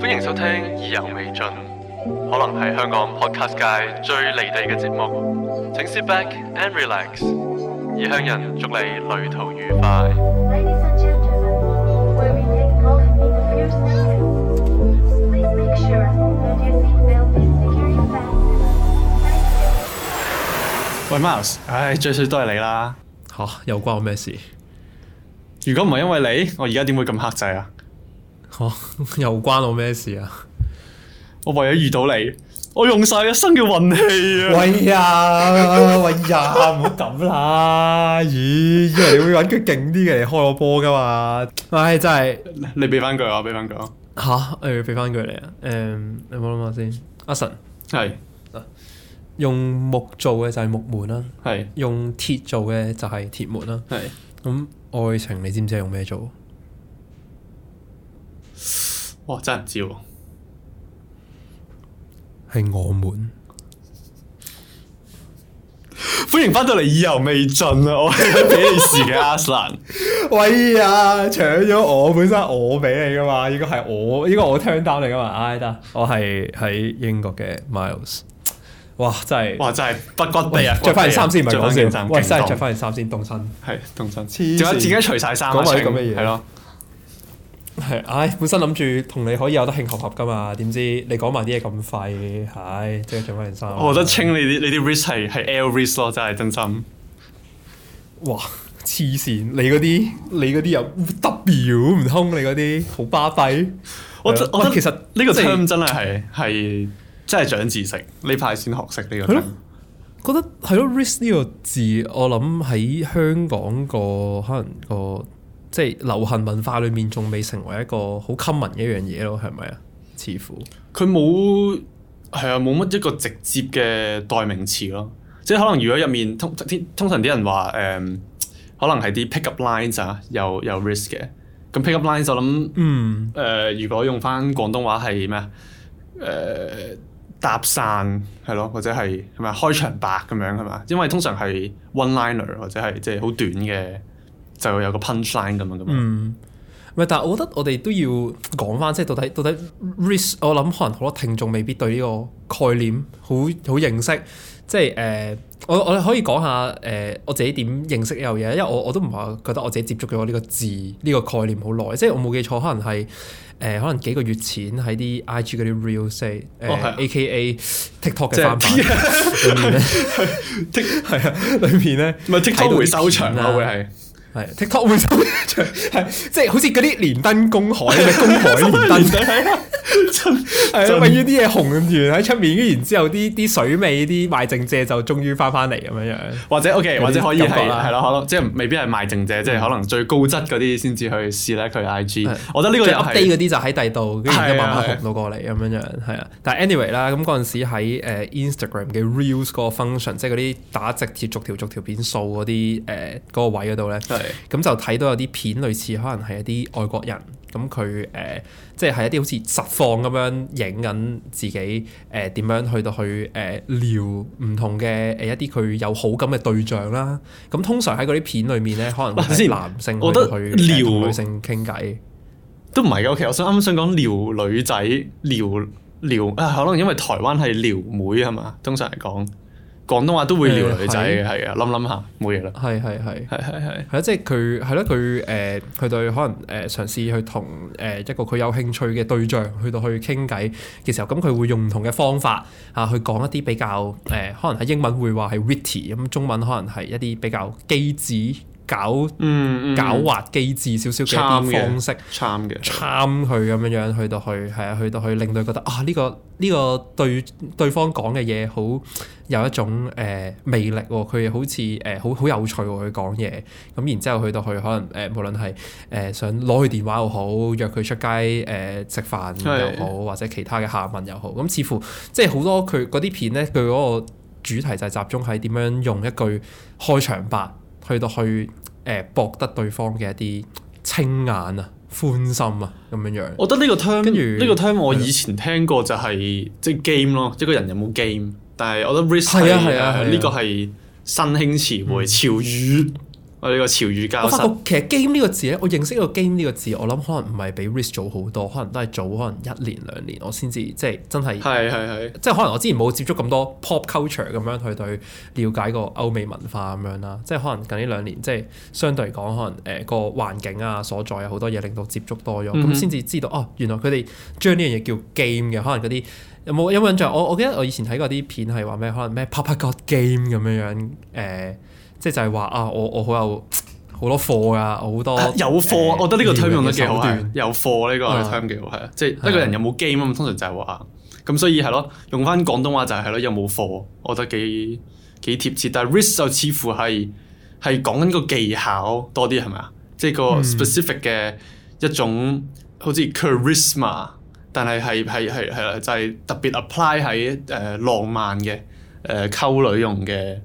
歡迎收聽，意猶未盡，可能係香港 podcast 界最離地嘅節目，請 sit back and relax。異鄉人祝你旅途愉快。喂，Mouse，唉、哎，最衰都係你啦，吓、哦、又關我咩事？如果唔係因為你，我而家點會咁克制啊？哦、又關我咩事啊！我為咗遇到你，我用晒一生嘅運氣啊！ 喂呀！喂呀！唔好咁啦！咦、 欸，以為你會搵個勁啲嘅嚟開我波噶嘛？唉、哎，真係你俾翻句我，我句，俾翻句我吓誒，俾翻句嚟啊！誒、嗯，你諗下先，阿神係是用木做嘅就係木門啦，係是用鐵做嘅就係鐵門啦，係咁是、嗯、愛情你知唔知係用咩做？哇！真係唔知喎，係我們歡迎翻到嚟，意猶未盡啊！我係喺比利時嘅阿蘭？ 喂呀！搶咗我，本身我俾你噶嘛？依、這個係我，依、這個我清到嚟噶嘛？哎得，我係喺英國嘅 Miles。哇！真係哇！真係不骨地啊！着翻件衫先唔係講笑，喂！真係着翻件衫先動身，係動身仲經有自己除晒衫啊？講咁嘅嘢係咯。係，唉、哎，本身諗住同你可以有得慶合合㗎嘛，點知你講埋啲嘢咁廢，唉、哎，即係做翻件衫。我覺得清你啲你啲 Rizz 係係 L Rizz 咯，真係真心。哇！黐線，你嗰啲你嗰啲又 W 唔通，你嗰啲好巴閉。W，我覺是我覺得其實呢、就是、個 term 真係係係真係長知識，呢排先學識呢個字。覺得係咯，Rizz 呢個字我諗喺香港個可能個。即係流行文化裏面仲未成為一個好 common 嘅一樣嘢咯，係咪啊？似乎佢冇係啊，冇乜一個直接嘅代名詞咯。即係可能如果入面通通常啲人話誒、嗯，可能係啲 pickup lines 啊，有有 risk 嘅。咁 pickup lines 就諗嗯誒、呃，如果用翻廣東話係咩啊？搭訕係咯，或者係係咪開場白咁樣係嘛？因為通常係 one liner 或者係即係好短嘅，就有個 punchline 咁樣噶嘛。嗯，唔係，但係我覺得我哋都要講翻，即係到底到底 Rizz。我諗可能好多聽眾未必對呢個概念好好認識。即係誒、呃，我我可以講下誒、呃、我自己點認識呢樣嘢，因為我我都唔係話覺得我自己接觸咗呢個字呢、呢個概念好耐。即係我冇記錯，可能係誒、呃、可能幾個月前喺啲 IG 嗰啲 reels，誒 AKA TikTok 嘅翻版。係啊，裏 面咧，唔係、啊啊、TikTok 會 收場啊會係。係，TikTok 會好長，係即係好似嗰啲連登公海，咩公海連登。係咪啲嘢紅完喺出面，跟然之後啲啲水尾啲賣剩蔗就終於翻翻嚟咁樣樣，或者 OK，或者可以係係咯，即係未必係賣剩蔗，即係可能最高質嗰啲先至去試咧佢 IG。我覺得呢個 update 嗰啲就喺第度，跟住慢慢紅到過嚟咁樣樣。係啊，但係 anyway 啦，咁嗰陣時喺誒 Instagram 嘅 Reels 嗰個 function，即係嗰啲打直貼逐條逐條片掃嗰啲誒個位嗰度咧，咁就睇到有啲片類似可能係一啲外國人。咁佢誒即係一啲好似實況咁樣影緊自己誒點、呃、樣去到去誒、呃、撩唔同嘅誒、呃、一啲佢有好感嘅對象啦。咁通常喺嗰啲片裏面咧，可能男性覺得佢撩女性傾偈，都唔係嘅。其實我，OK，我剛剛想啱啱想講撩女仔撩撩啊，可能因為台灣係撩妹係嘛，通常嚟講。廣東話都會撩女仔嘅，係啊，諗 諗下，冇嘢啦。係係係係係係。係即係佢係咯，佢誒佢對可能誒嘗試去同誒一個佢有興趣嘅對象去到去傾偈嘅時候，咁佢會用唔同嘅方法啊去講一啲比較誒，可能喺英文會話係 witty，咁中文可能係一啲比較機智。搞嗯狡猾機智小小少少嘅啲方式，摻嘅摻佢咁樣樣去到去係啊，去到去令到佢覺得啊呢個呢個對對方講嘅嘢好有一種誒魅力，佢好似誒、呃、好好有趣，佢講嘢咁，然之後去到去可能誒、呃，無論係誒想攞佢電話又好，約佢出街誒食飯又好，或者其他嘅下文又好，咁似乎即係好多佢嗰啲片咧，佢嗰個主題就集中喺點樣用一句開場白。去到去誒搏、呃、得對方嘅一啲青眼啊、歡心啊咁樣樣。我覺得呢個 term，呢於個 term 我以前聽過就係、是、即的 game 咯，即係個人有冇 game。但係我覺得 Rizz 係呢個係新興詞彙、潮語。我呢個潮語教室。我發覺其實 game 呢個字咧，我認識個 game 呢個字，我諗可能唔係比 Rizz 早好多，可能都係早可能一年兩年，我先至即係真係。係係係。即係是可能我之前冇接觸咁多 pop culture 咁樣去對了解個歐美文化咁樣啦。即係可能近呢兩年，即係相對嚟講，可能誒個環境啊所在有好多嘢令到接觸多咗，咁先至知道哦，原來佢哋將呢樣嘢叫 game 嘅，可能嗰啲有冇有冇印象？我我記得我以前睇過啲片係話咩？可能咩 Pop God Game 咁樣樣，誒。欸即係就係話啊！我我好有好多貨啊，好有多有貨課。哎、我覺得呢個 training 都幾好啊！有貨呢個 training 幾好係啊，嗯、是即係呢個人有冇 game 啊？通常就係話咁，嗯、所以係咯，用翻廣東話就係係咯，有冇貨？我覺得幾幾貼切。但係 Rizz 就似乎係係講緊個技巧多啲係咪啊？即係個 specific 嘅一種，好似 charisma，但係係係係係就係、是、特別 apply 喺誒浪漫嘅誒溝女用嘅。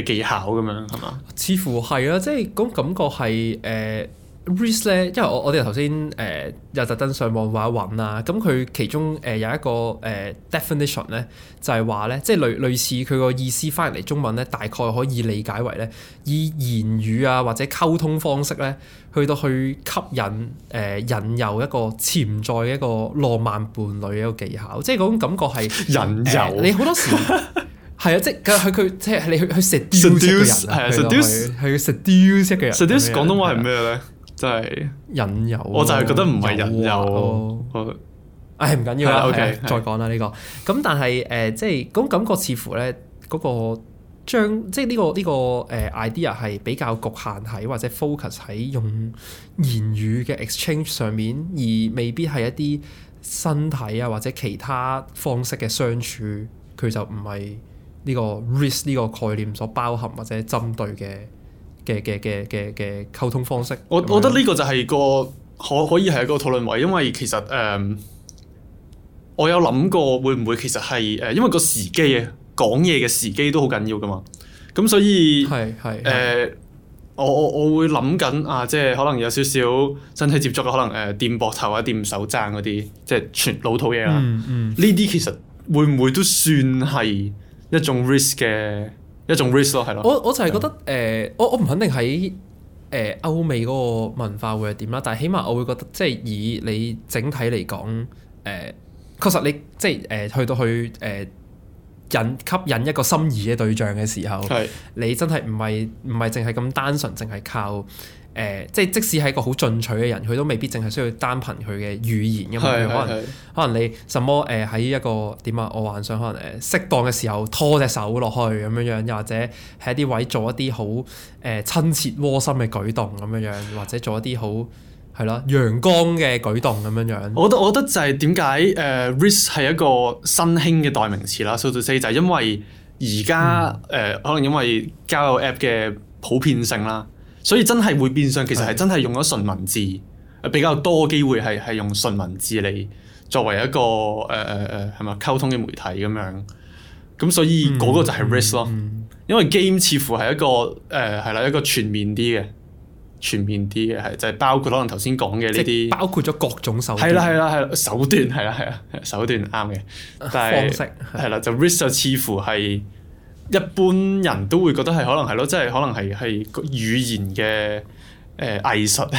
嘅技巧咁樣係嘛？似乎係啦，即係嗰種感覺係誒、呃、Rizz 咧，因為我我哋頭先誒又特登上網話揾啊。咁佢其中誒有一個誒 definition 咧，就係話咧，即係類類似佢個意思翻嚟中文咧，大概可以理解為咧，以言語啊或者溝通方式咧，去到去吸引誒、呃、引誘一個潛在一個浪漫伴侶嘅一個技巧，即係嗰種感覺係引誘你好多時。 係啊，即係佢佢即係你去去食雕嘅人，係啊，seduce 係佢食雕嘅人。seduce 廣東話係咩咧？即、就、係、是、引誘、啊。我就係覺得唔、啊啊啊、係引誘咯。唉、啊，唔緊要啦，OK，再講啦呢個。咁、啊、但係誒，即係咁感覺似乎咧，嗰、那個將即係、這、呢個呢、這個誒 idea 係比較侷限喺或者 focus 喺用言語嘅 exchange 上面，而未必係一啲身體啊或者其他方式嘅相處，佢就唔係。呢個 Rizz 呢個概念所包含或者針對嘅嘅嘅嘅嘅嘅溝通方式，我覺得呢個就係個可可以係一個討論位，因為其實誒、嗯，我有諗過會唔會其實係誒，因為個時機啊，講嘢嘅時機都好緊要㗎嘛，咁所以係係誒，我我我會諗緊啊，即係可能有少少身體接觸啊，可能誒掂膊頭啊、掂手踭嗰啲，即係全老土嘢啦。呢啲、嗯嗯、其實會唔會都算係？一種 risk 嘅一種 risk 咯，係咯。我我就係覺得，誒、呃，我我唔肯定喺誒、呃、歐美嗰個文化係會點啦，但係起碼我會覺得，即係以你整體嚟講，誒、呃，確實你即係誒、呃、去到去誒引、呃、吸引一個心儀嘅對象嘅時候，係是你真係唔係唔係淨係咁單純，淨係靠。誒，即係即使係一個好進取嘅人，佢都未必淨係需要單憑佢嘅語言㗎嘛。 可能 可能你什麼誒喺、呃、一個點啊？我幻想可能誒、呃、適當嘅時候拖隻手落去咁樣樣，又或者喺一啲位做一啲好誒親切窩心嘅舉動咁樣樣，或者做一啲好係咯陽光嘅舉動咁樣樣。我覺得我覺得就係點解誒 Rizz 係一個新興嘅代名詞啦 socially 就係因為而家誒可能因為交友 app 嘅普遍性啦。 所以真係會變相，其實係真係用咗純文字，比較多機會係係用純文字嚟作為一個誒誒誒係咪溝通嘅媒體咁樣。咁所以嗰個就係 Rizz 咯，因為 game 似乎係一個誒係啦，一個全面啲嘅全面啲嘅係就係包括可能頭先講嘅呢啲，包括咗各種手段。係啦係啦係，手段係啦係啊，手段啱嘅。但係方式係啦，就 Rizz 似乎係。一般人都會覺得係可能係咯，即、就、係、是、可能係係語言嘅誒、呃、藝術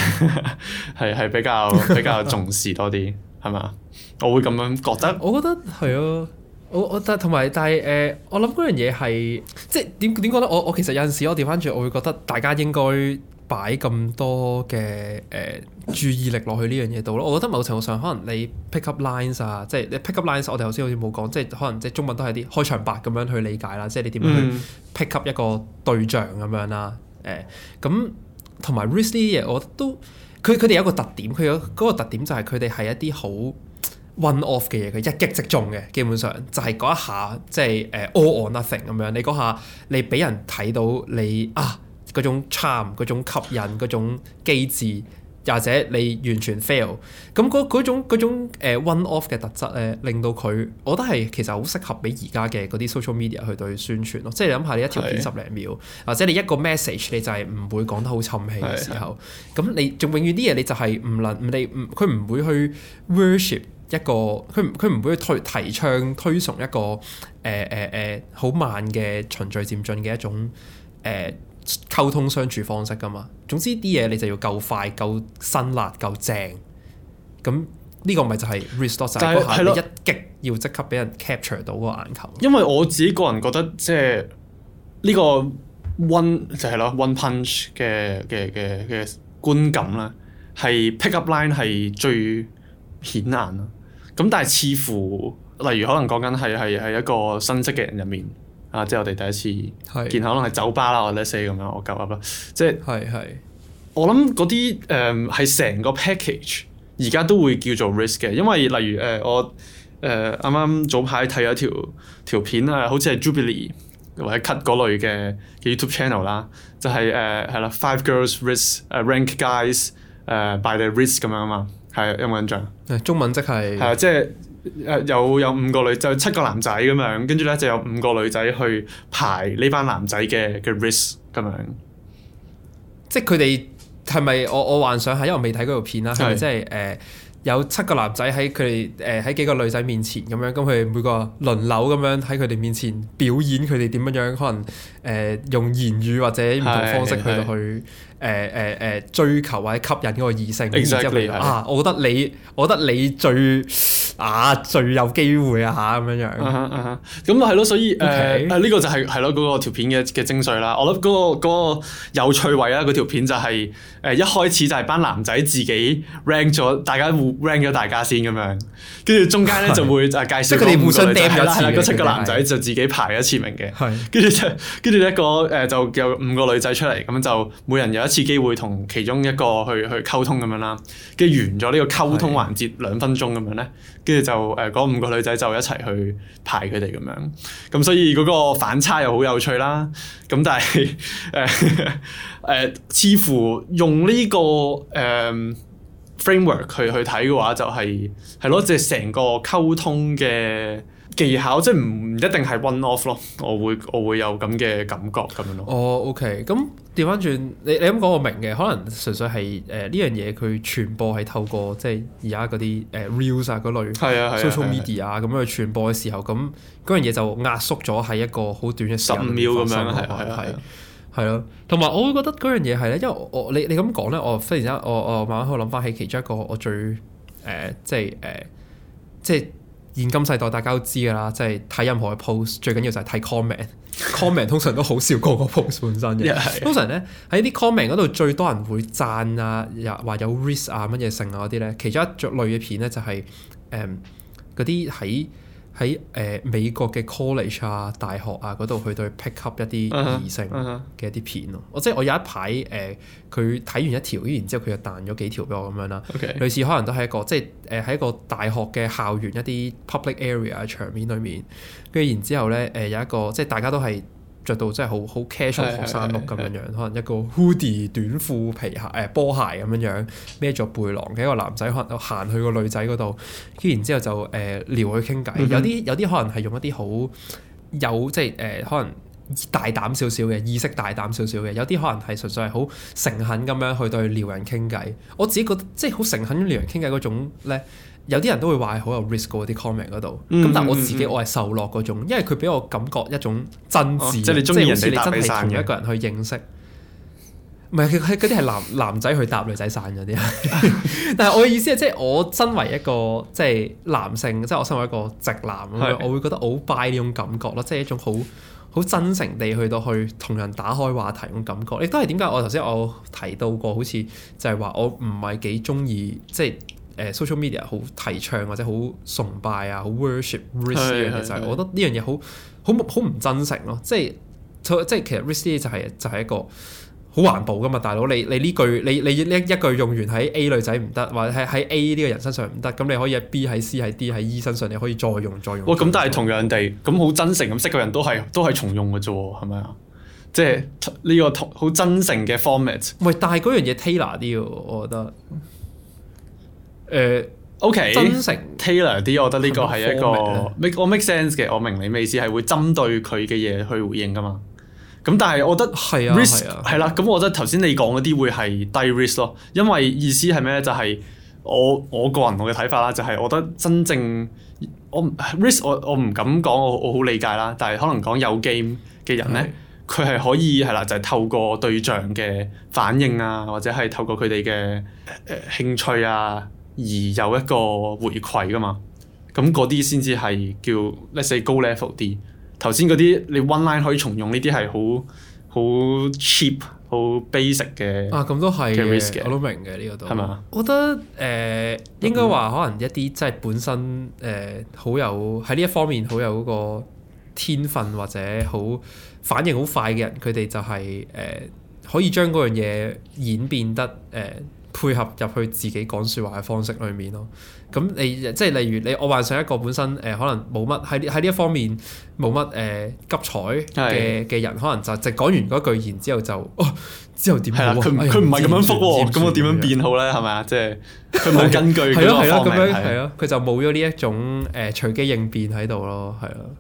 係係 比較比較重視多啲，係嘛？ 我會咁樣覺得。 我覺得係咯、啊，我我得同埋但係誒，我諗嗰樣嘢係即係點點覺得？我我，我其實有陣時我調翻轉，我會覺得大家應該擺咁多嘅誒。呃注意力落去呢樣嘢度咯，我覺得某程度上可能你 pick up lines 啊，即係你 pick up lines，我哋頭先好似冇講，即係可能即係中文都係啲開場白咁樣去理解啦，即係你點樣去 pick up 一個對象咁樣啦，誒、嗯，咁同埋 Rizz 嘢，我都佢佢哋有一個特點，佢有嗰個特點就係佢哋係一啲好 one off 嘅嘢，佢一擊即中嘅，基本上就係嗰一下，即係誒 all or nothing 咁樣，你嗰下你俾人睇到你啊嗰種 charm、嗰種吸引、嗰種機智。或者你完全 fail，咁嗰種嗰種 one off 嘅特質咧，令到佢，我覺得係其實好適合俾而家嘅嗰啲 social media 去對宣傳咯。即係你諗下你一條片十零秒，的或者你一個 message，你就係唔會講得好沉氣嘅時候，咁的你仲永遠啲嘢你就係唔能唔你唔佢唔會去 worship 一個佢佢唔會去推提倡推崇一個誒誒誒好慢嘅循序漸進嘅一種誒。呃溝通相處方式㗎嘛，總之啲嘢你就要夠快、夠辛辣、夠正，咁呢個咪就係 restore 曬你一擊要即刻俾人 capture 到嗰個眼球。因為我自己個人覺得，即係呢、呢個 one 就係咯 one punch 嘅嘅嘅嘅觀感啦，係 pick up line 係最顯眼啦。咁但係似乎例如可能講緊係係係一個新識嘅人入面。啊！即係我哋第一次見，的可能係酒吧啦，或者寫咁樣我夾啊！即係的，係係、呃。我諗嗰啲誒係成個 package 而家都會叫做 Rizz 嘅，因為例如誒、呃、我誒啱啱早排睇咗條條片啦，好似係 Jubilee 或者 Cut 嗰類嘅 YouTube channel 啦、就是，就係誒係啦 Five Girls Rizz 誒、uh, Rank Guys 誒、uh, By Their Rizz 咁樣啊嘛，係有冇印象？中文即係係啊，即係。誒有有五個女就七個男仔咁樣，跟住咧就有五個女仔去排呢班男仔嘅嘅 Rizz 咁樣。即係佢哋係咪我我幻想下？因為我未睇條片啦，係咪即係誒有七個男仔喺佢哋誒喺幾個女仔面前咁樣，咁佢每個輪流咁樣喺佢哋面前表演佢哋點樣樣，可能誒、呃、用言語或者唔同方式去去。係係係係誒誒誒追求或者吸引嗰個異性，然之後 Exactly. 啊，我覺得你，我覺得你最啊最有機會啊，咁樣樣。咁啊係咯，所以誒，呢個 Okay.、uh, uh, 就係係咯嗰個條片嘅嘅精髓啦。我諗嗰、那個那個有趣位啦，嗰條片就係、是、誒、uh, 一開始就係班男仔自己 rank 咗，大家互 rank 咗大家先咁樣，跟住中間咧就會誒介紹。佢哋互相掟係啦係啦，嗰七了個男仔就自己排一次名嘅。跟住跟住一個誒，就有五個女仔出嚟，咁就每人有一一次機會同其中一個去去溝通咁樣啦，跟住完咗呢個溝通環節兩分鐘咁樣咧，跟住就誒嗰五個女仔就一齊去排佢哋咁樣，咁所以嗰個反差又好有趣啦。咁但係誒誒， 似乎用呢、這個誒、嗯、framework 去去睇嘅話，就係係咯，即係成個溝通嘅技巧即係唔唔一定係 one off 咯，我會我會有咁嘅感覺咁、oh, okay. 嗯、樣咯。哦，OK，咁調翻轉你你咁講我明嘅，可能純粹係誒呢樣嘢佢傳播係透過即係而家嗰啲誒 reels 啊嗰類，social media 啊咁樣去傳播嘅時候，咁嗰樣嘢就壓縮咗喺一個好短嘅時間，十五秒咁樣係係係係咯。同埋我會覺得嗰樣嘢係咧，因為我你你咁講咧，我忽然間我我，我慢慢去諗翻起其中一個我最誒、呃、即係誒、呃、即係。即即即即即即即現今世代大家都知㗎啦，即係睇任何嘅 post，最緊要就係睇 comment。 comment 通常都好少過個 post 本身嘅。 通常咧喺啲 comment 嗰度最多人會讚啊，又話有 Rizz 啊，乜嘢剩啊嗰啲咧，其中一類嘅片咧就係誒嗰啲喺。嗯喺誒、呃、美國嘅 college 啊、大學啊嗰度去對 pick up 一啲異性嘅一啲片咯，uh huh, uh huh. 我即係我有一排誒，佢、呃、睇完一條，然之後佢又彈咗幾條俾我咁樣啦，Okay. 類似可能都係一個即係誒喺一個大學嘅校園一啲 public area 場面裏面，跟住然之後咧誒、呃、有一個即係大家都係。着到真係好好 casual 學生 look 咁樣樣。 可能一個 hoodie、短褲、皮鞋誒、呃、波鞋咁樣樣，孭着背囊嘅一個男仔，可能行去個女仔嗰度，跟住然之後就誒、呃、撩佢傾偈。有啲有啲可能係用一啲好有即係誒可能大膽少少嘅意識，大膽少少嘅，有啲可能係純粹係好誠懇咁樣去對撩人傾偈。我自己覺得即係好誠懇撩人傾偈嗰種咧。呢有啲人都會話係好有 Rizz 嗰啲 comment 嗰度，咁、嗯、但係我自己我係受落嗰種，因為佢俾我感覺一種真摯，哦、即係人哋真係同一個人去認識。唔係佢啲係男男仔去搭女仔訕嗰啲， 但係我嘅意思係即係我身為一個即係、就是、男性，即、就、係、是、我身為一個直男，是我會覺得我好 buy 呢種感覺咯，即、就、係、是、一種好好真誠地去到去同人打開話題嗰種感覺。亦都係點解我頭先我提到過，好似就係話我唔係幾中意即係。就是誒 social media 好提倡或者好崇拜啊，好 worship，Rizz 嘅就係是我覺得呢樣嘢好好好唔真誠咯，即係即係其實 Rizz 就係、是、就係、是、一個好環保噶嘛。大佬你你呢句你你呢一,一句用完喺 A 女仔唔得，或者喺喺 A 呢個人身上唔得，咁你可以喺 B 喺 C 喺 D 喺 E 身上你可以再用再用。咁、哦、但係同樣地，咁好真誠咁識嘅人都係都係重用嘅啫喎，係咪啊？即係呢、這個好真誠嘅 format。喂，但係嗰樣嘢 tailor 啲喎，我覺得。誒，O K，真誠正 Taylor 啲 I mean,、right, right，我覺得呢個係一個 make 我 make sense 嘅，我明你咩意思係會針對佢嘅嘢去回應㗎嘛。咁但係我覺得係啊，係啦。咁我覺得頭先你講嗰啲會係低 risk 咯，因為意思係咩就係、是、我我個人我嘅睇法啦，就係我覺得真正我 risk 我我唔敢講，我我好理解啦。但係可能講有 game 嘅人咧，佢係、啊、可以係啦、啊，就係、是、透過對象嘅反應啊，或者係透過佢哋嘅誒興趣啊。而有一個回饋噶嘛，咁嗰啲先至係叫 Let's say 高 level 啲。頭先嗰啲你 one line 可以重用，呢啲係好好 cheap、好 basic 嘅。啊，咁都係，嘅 Rizz 我都明嘅呢、這個都係嘛？吧我覺得誒、呃、應該話可能一啲即係本身誒、呃、好有喺呢一方面好有嗰個天分或者好反應好快嘅人，佢哋就係、是、誒、呃、可以將嗰樣嘢演變得誒。呃配合入去自己講説話嘅方式裏面咯，咁你即係例如你，我幻想一個本身誒、呃、可能冇乜喺喺呢一方面冇乜誒急才嘅嘅人，的可能就直係講完嗰句然之後就哦，之後點、啊？係佢唔係咁樣覆喎，咁、哎呃、我點樣變好咧？係咪啊？即係佢冇根據嘅咯，係咯，咁樣係咯，佢就冇咗呢一種誒、呃、隨機應變喺度咯，係咯。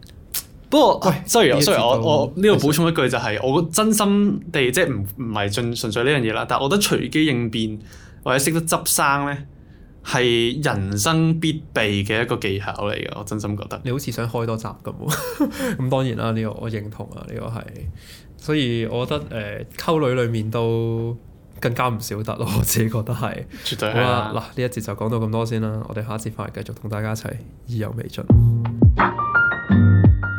不過喂，雖然我雖然我我呢度、這個、補充一句就係、是，的我真心地即係唔唔係純純粹呢樣嘢啦，但係我覺得隨機應變或者識得執生咧，係人生必備嘅一個技巧嚟嘅，我真心覺得。你好似想開多集咁，咁 當然啦，呢、這個我認同啊，呢、這個係。所以我覺得誒、呃，溝女裏面都更加唔少得咯，我自己覺得係。絕對。好啦吧，嗱呢、啊、一節就講到咁多先啦，我哋下一節翻嚟繼續同大家一齊意猶未盡。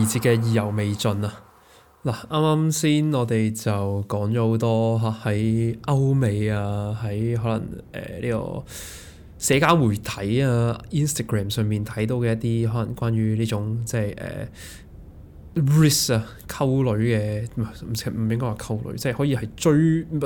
二節嘅意猶未盡啊！嗱，啱啱先我哋就講咗好多吓，喺歐美啊，喺可能誒呢、呃這個社交媒體啊，Instagram 上面睇到嘅一啲可能關於呢種即係誒、呃、Rizz 啊，溝女嘅唔唔唔應該話溝女，即係可以係追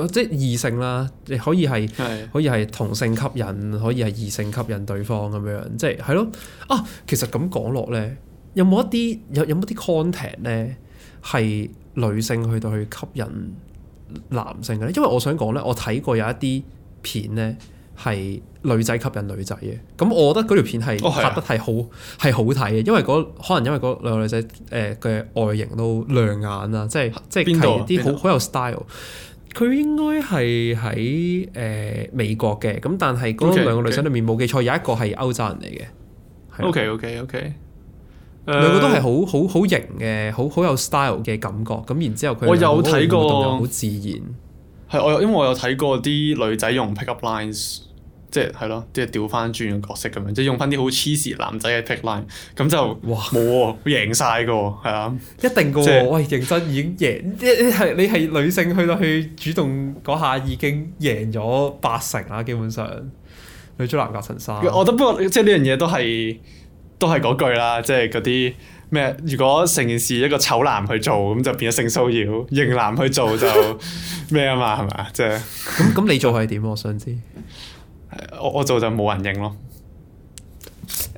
即係異性啦，可以係的可以係同性吸引，可以係異性吸引對方咁樣，即係係咯啊！其實咁講落咧。有冇一啲有有冇一啲 content 咧係女性去到去吸引男性嘅咧？因為我想講咧，我睇過有一啲片咧係女仔吸引女仔嘅，咁我覺得嗰條片係拍得係好係、哦啊、好睇嘅，因為可能因為嗰兩個女仔誒嘅外形都亮眼啊，嗯、即係即係啲好好有 style 個。佢應該係喺誒美國嘅，咁但係嗰兩個女仔裡面冇 Okay, okay. 記錯有一個係歐洲人嚟嘅。OK OK OK。兩個都係好好好型嘅，好好有 style 嘅感覺。咁然之後佢我有睇過，好自然係我，因為我有睇過啲女仔用 pickup lines，即係係咯，即係、就是、調翻轉嘅角色咁樣，即、就、係、是、用翻啲好 cheesy 男仔嘅 pickup line，咁就哇冇喎，贏晒噶喎，係啊， 一定噶喎，就是、喂認真已經贏，一係你係女性去到去主動嗰下已經贏咗八成啦，基本上女追男隔層紗。我覺得不過即係呢樣嘢都係。都係嗰句啦，即係嗰啲咩？如果成件事一個醜男去做，咁就變咗性騷擾，型男去做就咩啊？嘛係 嘛？即係咁咁，就是、你做係點？我想知。 我我做就冇人應咯。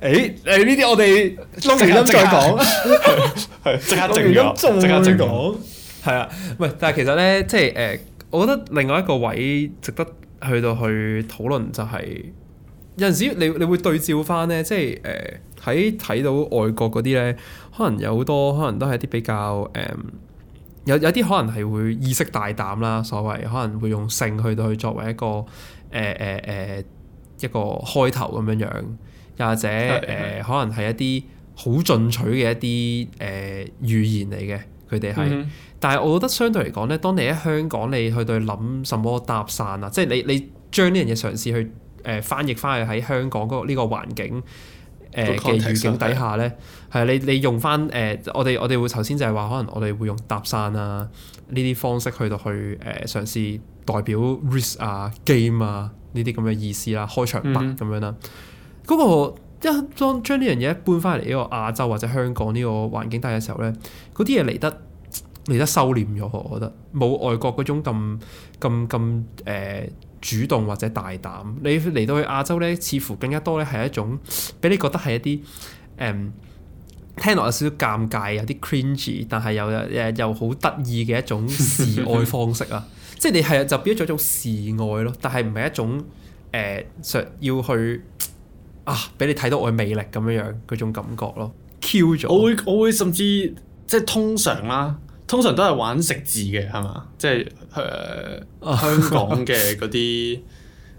誒誒、欸，呢啲我哋錄音再講。係即刻靜咗。即刻靜講。係啊，喂，但係其實咧，即係誒，我覺得另外一個位值得去到去討論就係、是。有陣時，你你會對照返咧，即係誒喺睇到外國嗰啲咧，可能有好多，可能都係一啲比較誒、呃，有有啲可能係會意識大膽啦，所謂可能會用性去去作為一個誒誒誒一個開頭咁樣樣，又或者誒、呃、可能係一啲好進取嘅一啲誒、呃、語言嚟嘅，佢哋係。嗯、哼但係我覺得相對嚟講咧，當你喺香港，你去對諗什麼搭訕啊？即係你你將呢樣嘢嘗試去。誒、呃、翻譯翻去喺香港嗰呢個環境誒嘅、呃、個語境底下咧，係啊的，你你用翻誒、呃、我哋我哋會頭先就係話，可能我哋會用搭訕啊呢啲方式去到去誒、呃、嘗試代表 Rizz 啊 game 啊呢啲咁嘅意思啦，開場白咁樣啦。嗰、嗯、哼個一當將呢樣嘢搬翻嚟呢個亞洲或者香港呢個環境底下嘅時候咧，嗰啲嘢嚟得嚟得收斂咗，我覺得冇外國嗰種咁咁咁誒。主動或者大膽，你嚟到去亞洲咧，似乎更加多咧係一種俾你覺得係一啲誒、嗯，聽落有少少尷尬，有啲 cringy，但係又誒又好得意嘅一種示愛方式 愛是是、呃、啊！即係你係就變咗一種示愛咯，但係唔係一種誒想要去啊，俾你睇到我嘅魅力咁樣樣嗰種感覺咯。Q 咗，我會我會甚至即係通常啦、啊。通常都係玩食字嘅，係嘛？即係、呃、香港嘅嗰啲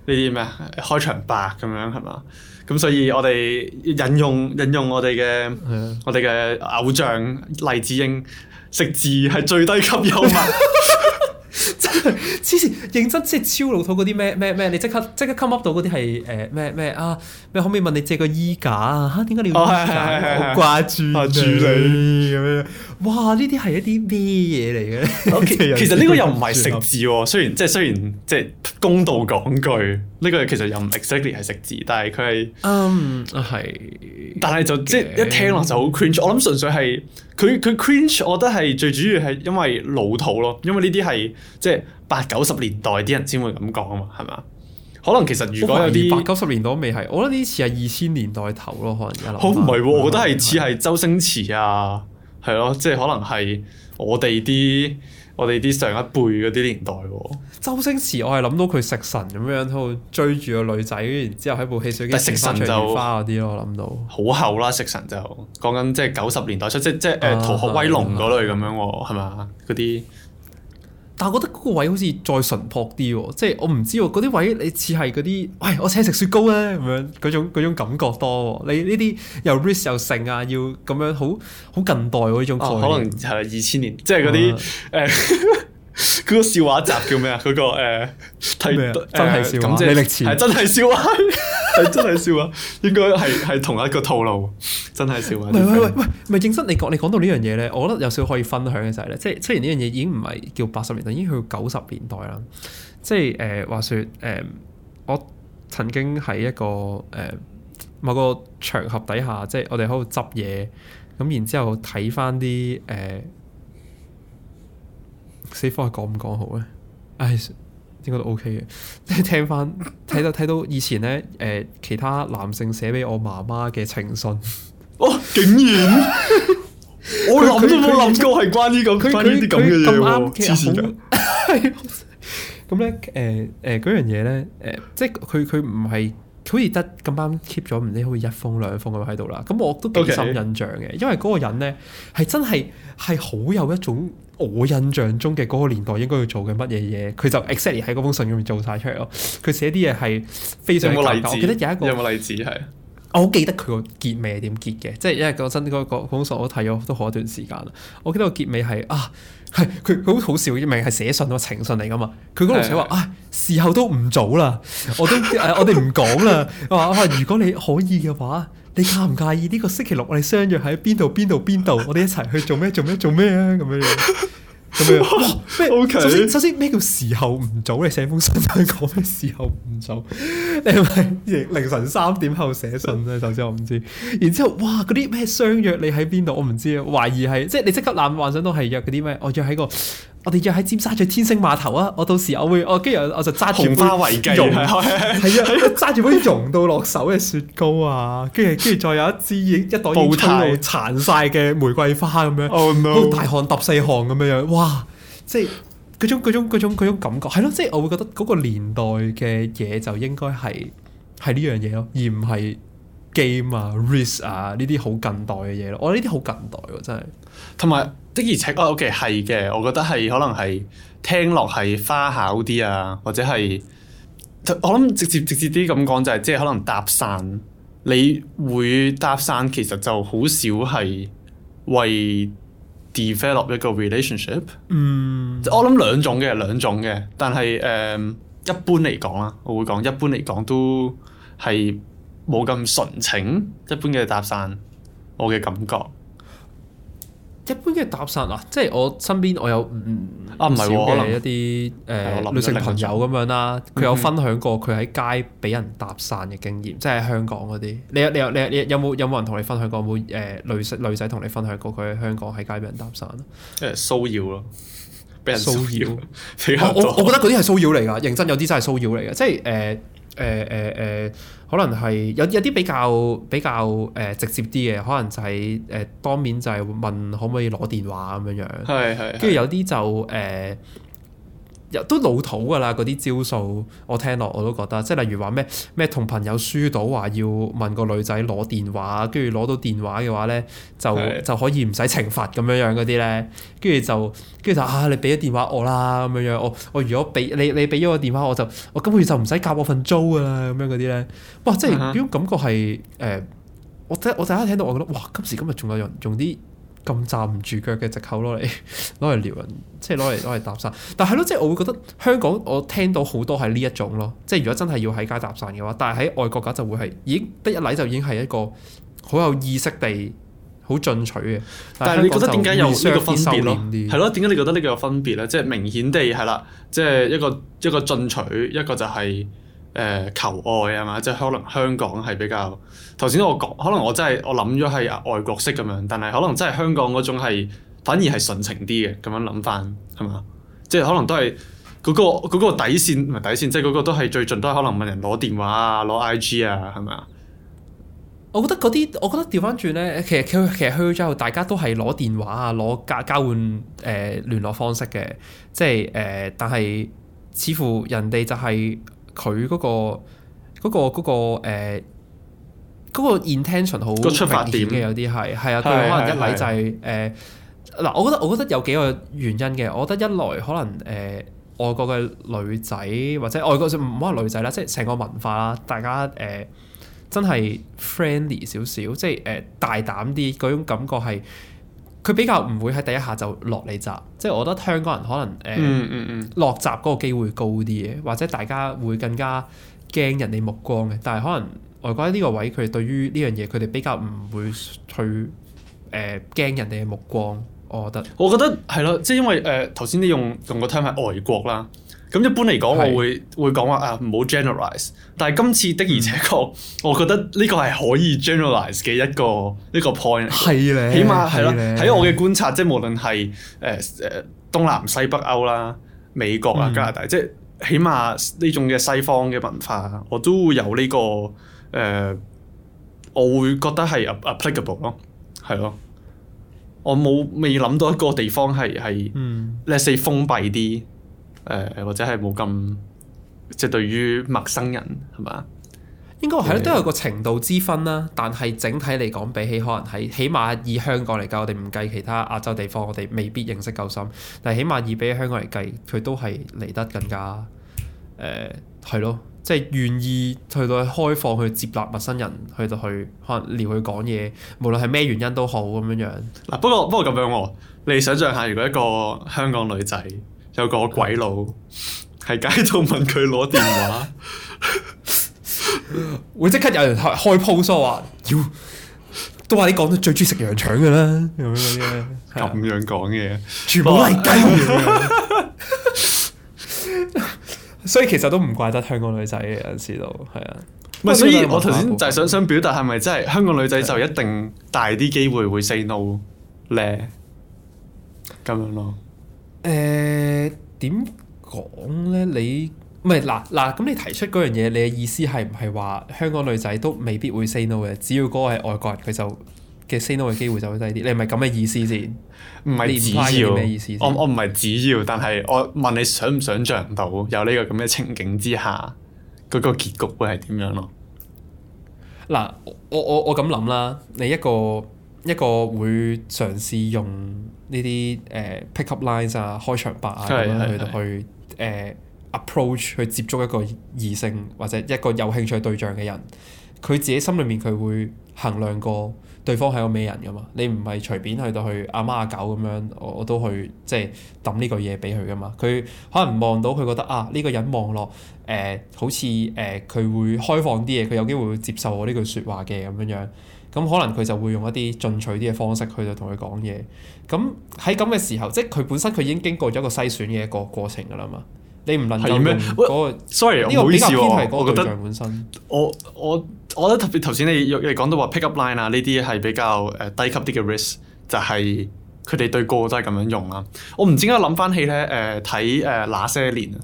呢啲咩啊？開場白咁樣係嘛？咁所以我哋引用引用我哋嘅 我哋嘅偶像黎智英食字係最低級幽默。之前認真即係超老土嗰啲咩咩咩，你即刻即刻 come up 到嗰啲係誒咩咩啊咩？可唔可以問你借個衣架啊？嚇點解你要？哦係係係，好掛住住你咁樣。哇！呢啲係一啲咩嘢嚟嘅？Okay, 其實呢個又唔係食字， 雖然即係雖然即係公道講句，呢個其實又唔 exactly 係食字，但係佢係嗯係，um, 但係就即係 okay. 一聽落就好 cringe。我諗純粹係佢佢 cringe，我覺得係最主要係因為老土咯，因為呢啲係即係。就是八九十年代啲人先會咁講啊嘛，係嘛？可能其實如果有啲八九十年代未係，我覺得呢次係二千年代頭咯，可能一好唔係，我覺得係似係周星馳啊，係咯，即係可能係我哋啲我哋啲上一輩嗰啲年代。周星馳我係諗到佢食神咁樣，喺度追住個女仔，跟住然之後喺部汽水機。食神就花嗰啲咯，諗到好厚啦。食神就講緊即係九十年代出，即即係誒《逃學威龍》嗰類咁樣，係嘛嗰啲。但係我覺得嗰個位好似再淳樸啲喎，即係我唔知喎，嗰啲位你似係嗰啲，喂、哎、我請你食雪糕咧咁樣嗰種感覺多喎。你呢啲又 Rizz 又剩啊，要咁樣好好近代喎呢種概念。啊、可能就係二千年，即係嗰啲誒。啊 嗰 個笑話集叫咩啊？嗰、那個誒、呃，真係笑話，李力持真係笑話，係真係笑話，應該係係同一個套路，真係笑話 喂。喂喂喂喂，唔係認真？你講你講到呢樣嘢咧，我覺得有少少可以分享嘅就係、是、咧，即係雖然呢樣嘢已經唔係叫八十年代，已經去到九十年代啦。即係誒、呃，話說誒、呃，我曾經喺一個誒、呃、某個場合底下，即係我哋喺度執嘢，咁然之後睇翻啲誒。呃死火，係講唔講好咧？唉、哎，應該都 OK 嘅。即 係聽翻睇到睇到以前咧，誒、呃，其他男性寫俾我媽媽嘅情信，哦，竟然我諗都冇諗過係關於咁關於啲咁嘅嘢，黐線㗎！係咁咧，誒誒， 嗰樣嘢咧，誒，即係佢佢唔係。好似得咁啱 keep 咗唔知好似一封兩封咁喺度啦，咁我都幾深印象嘅，Okay. 因為嗰個人咧係真係係好有一種我印象中嘅嗰個年代應該要做嘅乜嘢嘢，佢就 exactly 喺嗰封信入面做晒出嚟咯，佢寫啲嘢係非常有，有例子，我記得有一個，有冇例子啊？我好記得佢個結尾係點結嘅，即係因為嗰陣嗰個公訴我睇咗都好一段時間啦。我記得個結尾係啊，係佢好好笑，因為係寫信啊，情信嚟噶嘛。佢嗰度寫話啊，時是、哎、候都唔早啦，我都誒、 哎，我哋唔講啦。我話、哎、如果你可以嘅話，你介唔介意呢個星期六我哋相約喺邊度邊度邊度，我哋一齊去做咩做咩做咩啊咁樣。咁樣，哇！Okay. 首先，首先咩叫時候唔早？你寫封信就講咩時候唔早？你係咪凌晨三點喺度寫信咧？首先我唔知。然之後，哇！嗰啲咩相約你喺邊度？我唔知啊。懷疑係即係你即刻難幻想都係約嗰啲咩？我約喺個。我哋約喺尖沙咀天星碼頭啊！我到時我會我跟住我就揸住紅花圍雞啊，係啊，揸住嗰啲融到落手嘅雪糕啊，跟住跟住再有一支一袋煙吞落殘晒嘅玫瑰花咁樣，好，哦 no. 大汗揼細汗咁樣樣，哇！即係嗰種嗰種嗰種種，種，種感覺，係咯，即、就、係、是、我會覺得嗰個年代嘅嘢就應該係係呢樣嘢咯，而唔係 game 啊、risk 啊呢啲好近代嘅嘢咯，我覺得呢啲好近代真係，同埋。的而且確，oh, OK 係嘅，我覺得係可能係聽落係花巧啲啊，或者係我諗直接直接啲咁講就係，是，即係可能搭訕，你會搭訕其實就好少係為 develop 一個 relationship。嗯，我諗兩種嘅兩種嘅，但係誒、um, 一般嚟講啦，我會講一般嚟講都係冇咁純情，一般嘅搭訕我嘅感覺。一般嘅搭訕啊，即係我身邊我有唔啊唔少嘅一啲誒女性朋友咁樣啦，佢有分享過佢喺街俾人搭訕嘅經驗，即係香港嗰啲。你有你有你有冇有冇人同你分享過？冇，誒、呃、女女仔同你分享過佢喺香港喺街俾人搭訕？即係騷擾，咯，俾人騷擾。 我我覺得嗰啲係騷擾嚟噶，認真有啲真係騷擾嚟嘅，即係誒誒誒誒。呃呃呃呃可能係有有啲比較比較誒、呃、直接啲嘅，可能就係、是、誒、呃、當面就係問可唔可以攞電話咁樣樣，係係是，跟住有啲就誒。都老土㗎啦，嗰啲招數我聽落我都覺得，即係例如話咩咩同朋友輸到話要問個女仔攞電話，跟住攞到電話嘅話咧，就就可以唔使懲罰咁樣樣嗰啲咧，跟住的就跟住就啊，你俾咗電話我啦，咁樣樣我我如果俾你你俾咗個電話我我就我根本就唔使交我份租㗎啦，咁樣嗰啲咧，哇！即係嗰種感覺係誒、呃，我我第一聽到我覺得哇，今時今日仲有人，仲啲～咁站唔住腳嘅藉口攞嚟攞嚟撩人，即係攞嚟攞嚟搭訕，但係咯，即係我會覺得香港我聽到好多係呢一種咯，即係如果真係要喺街搭訕嘅話，但係喺外國嘅就會係，一嚟就已經係一個好有意識地好進取嘅。但係你覺得點解有呢個分別？係咯，點解你覺得呢個有分別咧？即係明顯地係啦，即係一個一個進取，一個就係。誒、呃、求愛啊嘛，即係可能香港係比較頭先我講，可能我真係我諗咗係外國式咁樣，但係可能真係香港嗰種係反而係純情啲嘅咁樣諗翻係嘛？即係可能都係嗰、嗰個嗰個底線唔係底線，即係嗰個都係最盡都係可能問人攞電話啊，攞 IG 啊，係咪啊？我覺得嗰啲，我覺得調翻轉咧，其實去其實去咗之後，大家都係攞電話啊，攞交交換誒、呃、聯絡方式嘅，即係誒、呃，但係似乎人哋就係、係。佢嗰、嗰個嗰、嗰個嗰、嗰個嗰、呃嗰個 intention 好出發點嘅，有啲係係啊，佢可能一嚟就係誒，嗱我覺得我覺得有幾個原因嘅，我覺得一來可能誒、呃、外國嘅女仔或者外國就唔好話女仔啦，即係成個文化啦，大家誒、呃、真係 friendly 少少，即係誒大膽啲嗰種感覺係。佢比較唔會喺第一下就落嚟閘，即係我覺得香港人可能誒、呃嗯嗯嗯、落閘嗰個機會高啲嘅，或者大家會更加驚人哋目光嘅。但係可能外國喺呢個位，佢對於呢樣嘢佢哋比較唔會去誒驚、呃、人哋嘅目光，我覺得。我覺得係咯，即係因為誒頭先你用用個 theme 係外國啦。咁一般嚟講，是我會會講話啊，唔好 generalize。但係今次的而且確、嗯，我覺得呢個係可以 generalize 嘅一個呢、呢個 point 的。係咧，起碼係咯，喺的我嘅觀察，即係無論係誒誒東南西北歐啦、美國啊、加拿大，即係、嗯、起碼呢種嘅西方嘅文化，我都會有呢、呢個誒、呃，我會覺得係 applicable 咯，係咯、嗯。我冇未諗到一個地方係係，let’s say 封閉啲。嗯誒、呃、或者係冇咁即係對於陌生人係嘛？應該話係咯，都有個程度之分啦。但係整體嚟講，比起可能喺起碼以香港嚟計，我哋唔計其他亞洲地方，我哋未必認識夠深。但係起碼以比起香港嚟計，佢都係嚟得更加誒係咯。即、呃、係、就係、願意去到去開放去接納陌生人，去到去可能撩佢講嘢，無論係咩原因都好咁樣、啊、樣。嗱不過不過咁樣喎，你想象下，如果一個香港女仔。有個鬼佬喺街度問佢攞電話， 會即刻有人開開鋪嗦話妖都話你講得最中意食羊腸噶啦，咁樣啫，講嘢，全部都係雞 所以其實都唔怪得香港女仔嘅，有陣時都係啊。唔係不，所以你我頭先就想想表達係咪真係 香港女仔就一定大啲機會會 say No 咧，咁樣咯。誒點講咧？你唔係嗱嗱咁，你提出嗰樣嘢，你嘅意思係唔係話香港女仔都未必會 say no 嘅？只要嗰個係外國人，佢就嘅 say no 嘅機會就會低啲。你係咪咁嘅意思先？唔係只要，你咩意思？我我唔係只要，但係我問你想唔想像到有呢個咁嘅情景之下，嗰、嗰個結局會係點樣咯？嗱，我我我咁諗啦，你一個。一個會嘗試用呢啲誒、呃、pickup lines 啊、開場白啊咁是樣去到去誒 approach 去接觸一個異性或者一個有興趣對象嘅人，佢自己心裏面佢會衡量過對方係個咩人㗎嘛？你唔係隨便去到去阿、啊、媽阿、啊、狗咁樣，我我都去即係揼呢句嘢俾佢㗎嘛？佢可能望到佢覺得啊呢、這個人望落誒好似誒佢會開放啲嘢，佢有機會，會接受我呢句説話嘅咁樣樣。咁可能佢就會用一啲進取啲嘅方式去就同佢講嘢。咁喺咁嘅時候，即係佢本身佢已經經過咗一個篩選嘅一個過程㗎啦嘛。你唔能夠嗰、那個、s o r r y 我唔好意思喎。我覺得我我我覺得特別頭先你你講到話 pick up line 啊，呢啲嘢係比較誒低級啲嘅 Rizz，就係佢哋對個個都係咁樣用啦。我唔知點解諗翻起咧誒睇誒那些年啊，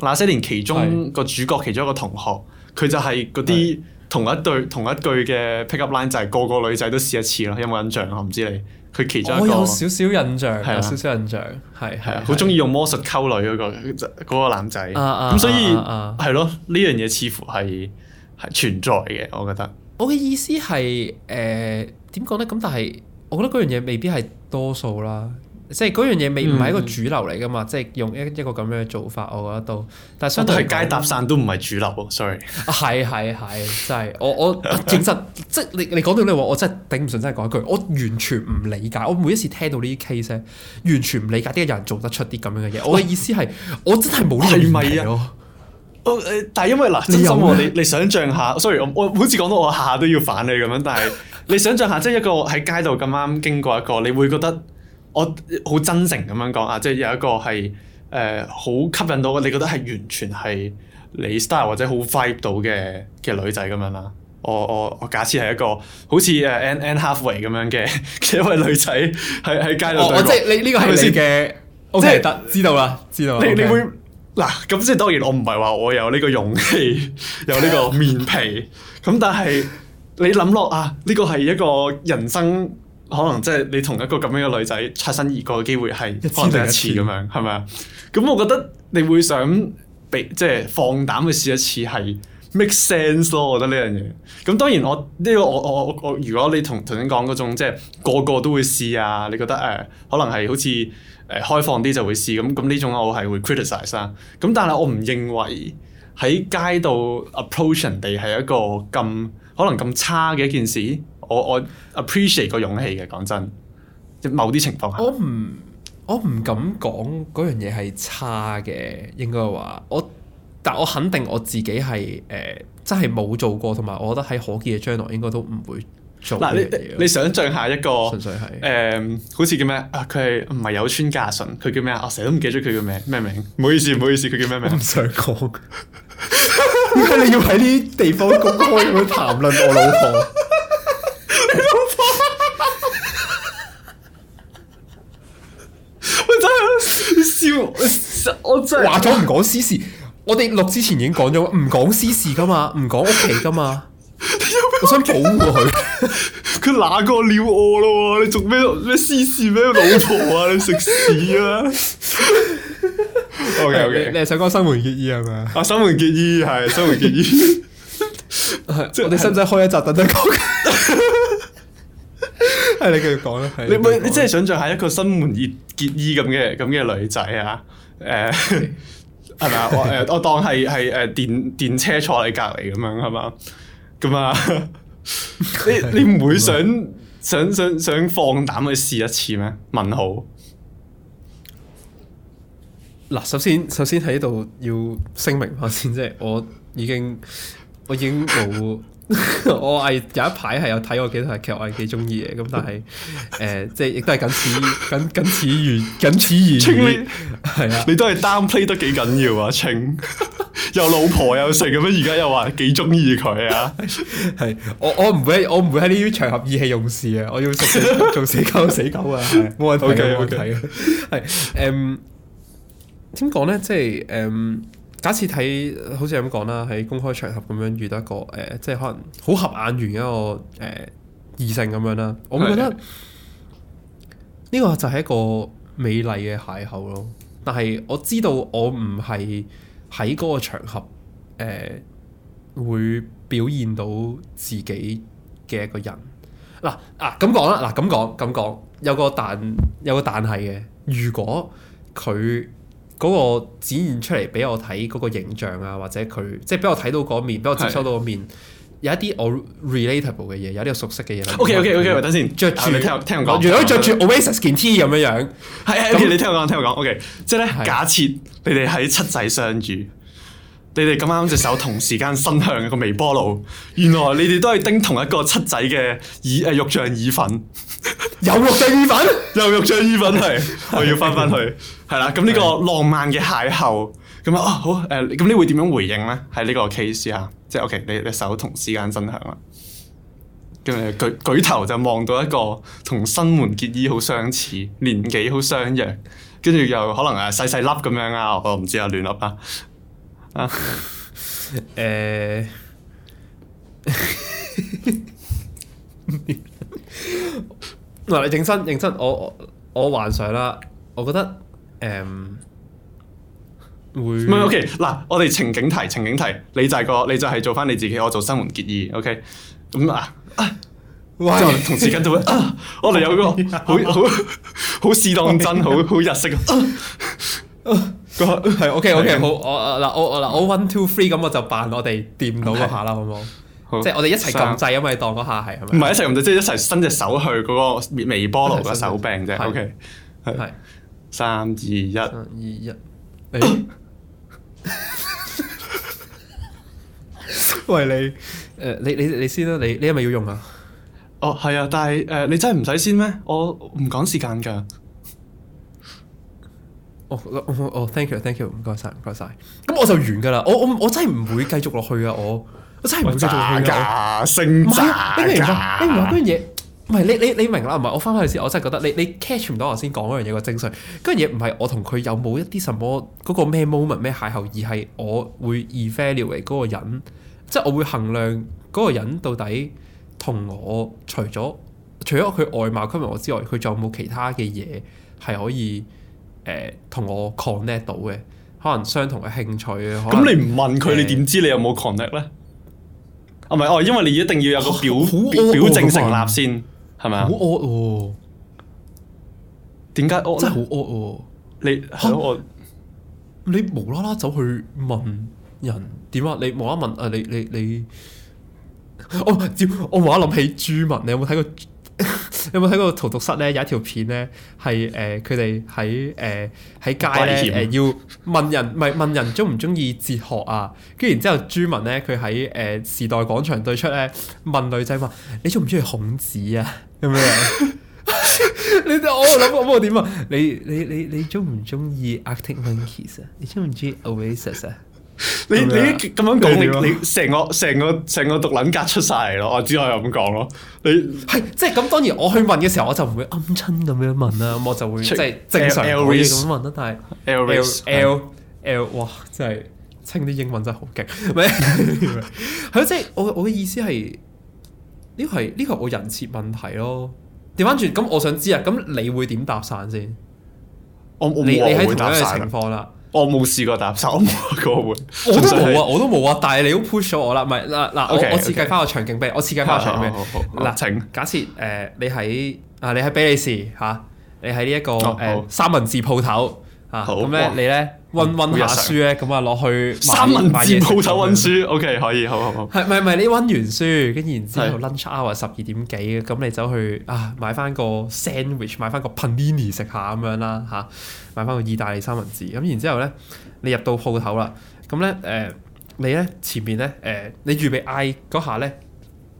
那些年其中個主角的其中一個同學，佢就係嗰啲。同一對，同一句，同一句嘅 pickup line 就係個個女仔都試一次咯，有冇印象？我唔知你佢其中一個。我有少少印象，係有少少印象，係係。好中意用魔術溝女嗰、嗰個嗰個男仔，咁、uh uh、所以係咯，呢樣嘢似乎係係存在嘅，我覺得。我嘅意思係誒點講咧？咁、呃、但係我覺得嗰樣嘢未必係多數啦。即係嗰樣嘢未唔係一個主流嚟噶嘛？嗯、即係用一一個咁樣嘅做法，我覺得都，但係相對係街搭訕都唔係主流。sorry，係係係，真係、就是、我我 其實，即係你你講到呢話，我真係頂唔順，真係講一句，我完全唔理解，我每一次聽到呢啲 case，完全唔理解啲人做得出啲咁樣嘅嘢。 我嘅意思係，我真係冇係咪啊？是是啊但係因為嗱，真心你你，你想象下 ，sorry，我每次似講到我下下都要反你咁樣，但係你想象下，即係一個喺街度咁啱經過一個，你會覺得。我好真誠咁樣講啊，即係有一個係誒好吸引到，你覺得係完全係你 style 或者好 vibe 到嘅嘅女仔咁樣啦。我我我假設係一個好似誒 Anne Hathaway 咁樣嘅嘅一位女仔，喺喺街度、哦。即係你呢、這個係你嘅，即係得知道啦，知道。Okay、你你會嗱咁即係當然，我唔係話我有呢個勇氣，有呢個面皮。咁 但係你諗落啊，呢個係一個人生。可能即係你同一個咁樣嘅女仔擦身而過嘅機會係可能一次咁樣，係咪啊？咁我覺得你會想俾即係放膽去試一次係 make sense 咯，我覺得呢樣嘢。咁當然我呢、呢個我我我如果你同頭先講嗰種即係個個都會試啊，你覺得誒、呃、可能係好似誒開放啲就會試咁咁呢種我係會 criticise 啊。咁但係我唔認為喺街度 approach 人哋係一個咁可能咁差嘅一件事。.我我 appreciate 個勇氣嘅，講真，即某啲情況下，我唔我唔敢講嗰樣嘢係差嘅，應該話我，但我肯定我自己係誒、呃，真係冇做過，同埋我覺得喺可見嘅將來，應該都唔會做嗱。你你想象下一個純粹係誒、呃，好似叫咩啊？佢係唔係有村加順？佢叫咩啊？我成日都唔記得佢叫咩咩名。唔好意思，唔好意思，佢叫咩名？唔想講。點 解 你要喺呢啲地方公開咁樣談論我老婆？我真係話咗唔講私事，我哋錄之前已經講咗，唔講私事噶嘛，唔講屋企噶嘛。 我想保護佢，佢哪個撩我咯？你做咩咩私事咩老婆啊？你食屎啊？O K O K，你係想講新垣結衣係咪？啊，新垣結衣，係新垣結衣，即係我哋使唔使開一集等等講？ 係你繼續講啦。你唔係你真係的想象下一個新垣結衣咁嘅咁嘅女仔啊？誒、嗯，係咪啊？誒，我當係係誒電電車坐喺隔籬咁樣，係嘛咁啊？你你唔會想的想想想放膽去試一次咩？問號。嗱，首先首先喺度要聲明翻先，即係我已經我已經冇。 我係有一排係有睇過幾套劇，我係幾中意嘅，咁但係誒、呃，即係亦都係僅此僅僅此如僅此而已，係啊，你都係 downplay 得幾緊要啊？青有老婆有食。咁樣而家又話幾中意佢啊？係我我唔會我唔會喺呢啲場合意氣用事啊！我要 做死狗死狗啊！冇問題，係啊係誒，點講咧？即係誒。嗯假設睇，好似咁講啦，喺公開場合咁樣遇到一個誒、呃，即係可能好合眼緣一個誒異、呃、性咁樣啦，我覺得呢個就係一個美麗嘅邂逅咯。但係我知道我唔係喺嗰個場合誒、呃、會表現到自己嘅一個人。嗱、啊、嗱，咁講啦，嗱咁講咁講，有個但有個但係嘅，如果佢嗰個展現出嚟俾我睇嗰個形象啊，或者佢即係俾我睇到嗰面，俾我接收到嗰面是有一啲我 relatable 嘅嘢，有啲熟悉嘅嘢啦。OK OK OK，等先，著住、啊、聽我聽我講，原來着住 Oasis 件 T 咁樣樣，係係的，麼 okay，你聽我講，聽我講，OK，即係咧假設你哋喺七仔相遇。的你哋咁啱隻手同時間伸向個微波爐，原來你哋都係叮同一個七仔嘅耳誒肉醬意粉， 有肉,粉 肉醬意粉，有肉醬意粉係，我要返返去，係啦。 咁呢個浪漫嘅邂逅，咁啊好誒，咁你會點樣回應咧？喺呢個 case 下，即係 OK，你你手同時間伸向啦，跟住舉舉頭就望到一個同新門結衣好相似，年紀好相若，跟住又可能誒細細粒咁樣啊，我唔知啊，亂粒啊。啊，誒，嗱，你認真認真，我我幻想啦，我覺得誒、嗯、會唔係 OK 嗱，我哋情景題情景題，你就係個你就係做翻你自己。我做生活建議 OK，咁啊，哇喂，同時跟住啊，我哋有個 好好好似當真 好好日式啊。 個係 OK OK 好我嗱我我嗱我 one two three 咁我就扮我哋掂到嗰下啦好唔好？即係我哋一齊撳掣，因為當嗰下係唔係一齊撳即係一齊伸隻手去嗰個微波爐嘅手柄啫。OK 係三二一，二一，哎，喂你誒，你你你先啦，你你係咪要用啊？哦係啊，但係誒你真係唔使先咩？我唔趕時間噶。哦，哦，哦，thank you，thank you，唔該晒，唔該晒。咁我就完噶啦，我我我真係唔會繼續落去啊！我我真係唔會繼續落去噶。星炸星炸！你唔係，你唔係嗰樣嘢。唔係你你你明啦？唔係我翻返去先，我真係覺得你你 catch 唔到我先講嗰樣嘢個精髓。嗰樣嘢唔係我同佢有冇一啲什麼嗰個咩 moment 咩邂逅，而係我會 evaluate 嗰個人，即係我會衡量嗰個人到底同我除咗除咗佢外貌吸引我之外，佢仲有冇其他嘅嘢係可以。誒，同、欸、我 connect 到嘅，可能相同嘅興趣。咁你唔問佢，欸、你點知你有冇 connect 咧？啊，係咪？哦，因為你一定要有個錶、啊啊、表證成立先，係咪啊？是是好惡哦、啊！點解真係好惡哦！你吓我，你無啦啦走去問人點啊？你無啦問啊？你你你，你，我照我話諗起朱文，你有冇睇過？ 有冇睇過逃脫室咧？有一條片咧，係誒，佢哋喺誒喺街咧險、呃，要問人，唔係問人中唔中意哲學啊？跟住然後之後朱文咧，佢喺誒時代廣場對出咧問女仔話：你中唔中意孔子啊？咁 樣，你我諗諗我點啊？你你你你中唔中意 Arctic Monkeys 啊？你中唔中意 Oasis 啊？你你咁樣講，你成個成個成個毒撚格出晒嚟咯！我只可以咁講咯。你係即係咁，當然我去問嘅時候，我就唔會鵪鶉咁樣問啦，咁我就會即係正常咁問啦。但係 L L L 哇，真係清啲英文真係好勁，係咯。即係我我嘅意思係呢個係呢個我人設問題咯。調翻轉咁，我想知啊，咁你會點搭訕先？我我冇話會搭訕啦。我冇試過搭手，我冇過門，我都冇啊，我都冇啊。但係你都 push 咗我了啦，唔係嗱嗱，okay, okay. 我我設計翻個場景俾你，我設計翻個場景俾你？嗱，請假設誒、呃，你喺啊，你喺比利時嚇，你喺呢一個誒三文治鋪頭嚇，咁、啊、咧、oh, oh. 你咧。溫溫下書咧，咁啊落去三文治鋪頭溫書，OK 可以，好好好。係咪咪你溫完書，跟然之後 lunch hour 十二點幾，咁是你走去啊買翻個 sandwich，買翻個 panini 食下咁樣啦，嚇、啊、買翻個意大利三文治。咁、啊、然之後咧，你入到鋪頭啦，咁咧誒你咧前面咧誒、呃、你預備嗌嗰下咧，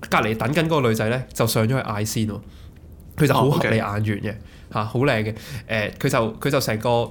隔離等緊嗰個女仔咧就上咗去嗌先喎、哦，佢就好合你眼緣嘅嚇，好靚嘅誒，佢、okay. 啊啊、就佢就成個。